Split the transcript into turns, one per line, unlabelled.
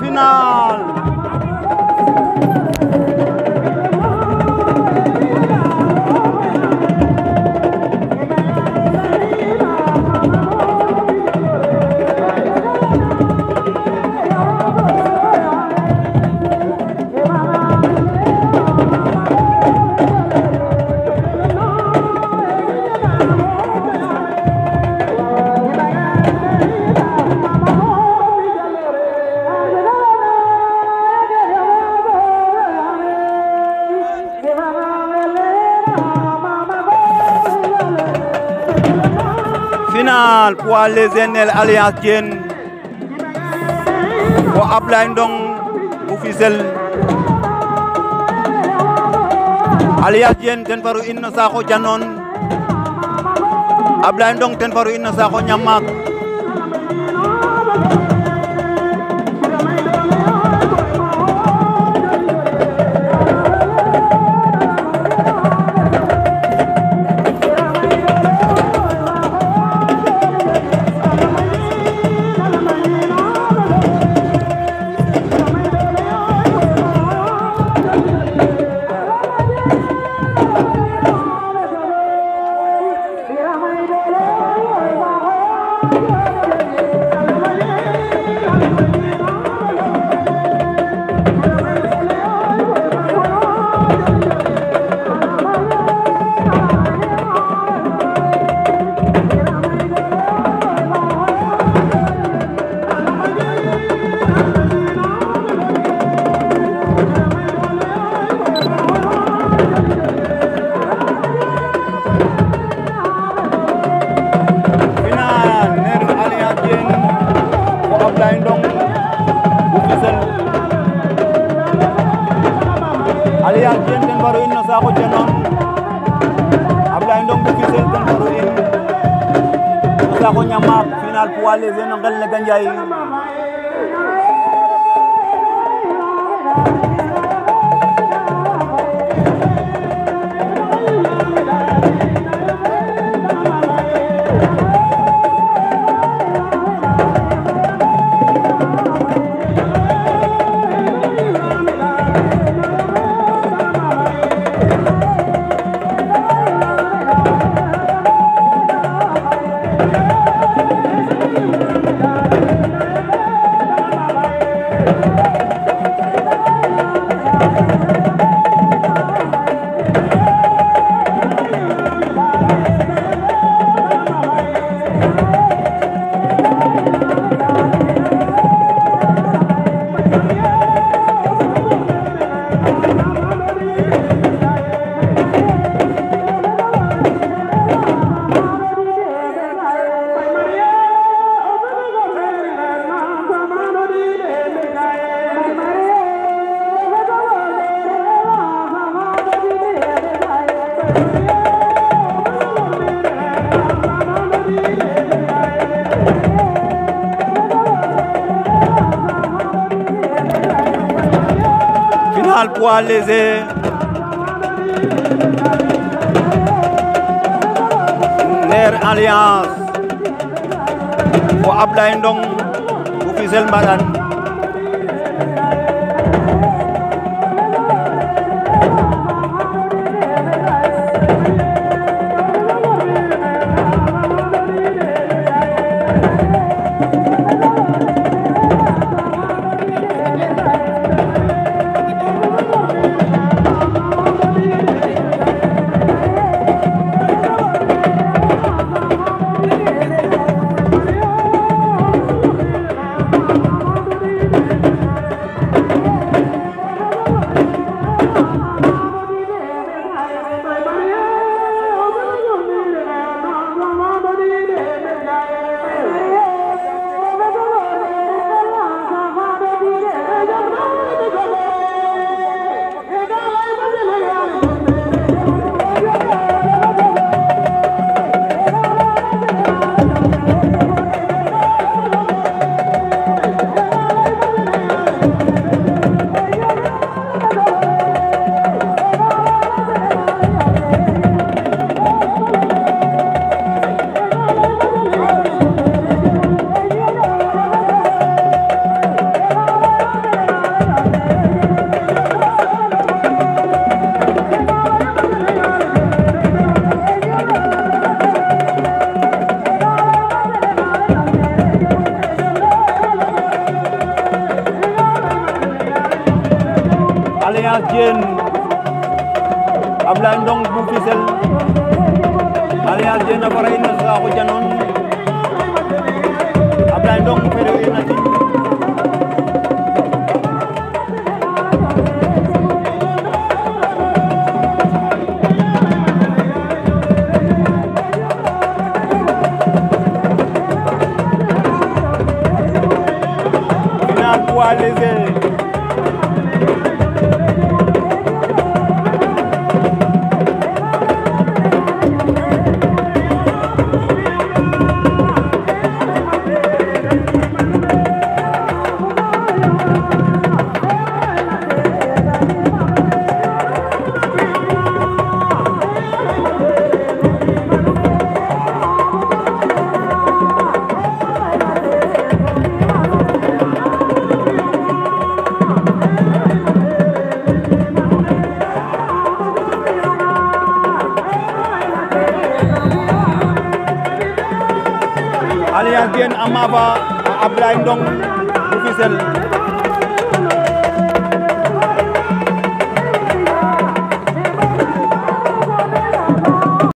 final final poids léger Nel Alliance Diène fo Ablaye Ndong bu ten faru in no saaxo janoon Ablaye Ndong ten faru in no ñamaak jen ten mbaru
in no saaxu janoon Ablaye Ndong de Fissel ten mbaru in no saaxu ñamaak final poids léger no ngel ne Gandiaye Thank you.
national poids léger ner alliance
bu Ablaye Ndong bu Fissel Mbarane Mass Diène Ablaye bu Fissel alias Diène a fara in na Sakho Dianon Ablaye Ndong fere
alias Diène Ama Ba Abdoulaye Ndong bu Fissel